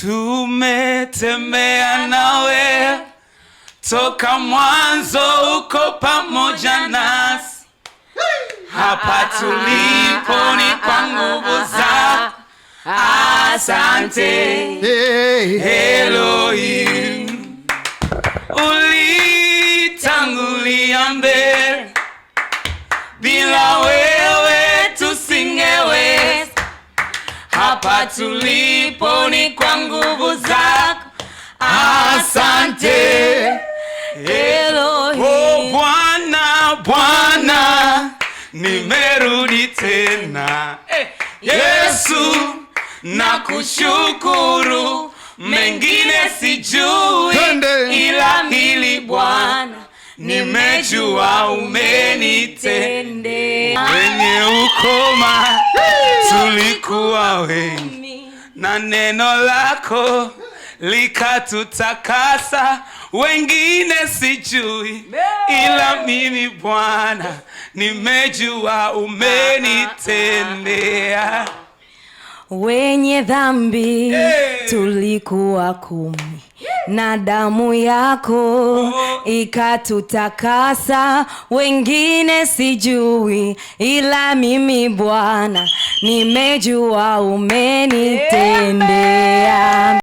Tumetembea nawe toka mwanzo, uko pamoja nasi hapa tulipo, ni kwa nguvu za asante Elohim, ulitangulia mbele Hapa tulipo ni kwa nguvu zako. Asante Elohim. Oh, Bwana Bwana, nimerudi tena eh, Yesu nakushukuru, mengine sijui Tende. ila hili Bwana nimejua umenitende kuwa wengi na neno lako likatutakasa. Wengine sijui, ila mimi Bwana nimejua umenitendea. Wenye dhambi hey, tulikuwa kumi na damu yako oh, ikatutakasa. Wengine sijui, ila mimi Bwana nimejua umenitendea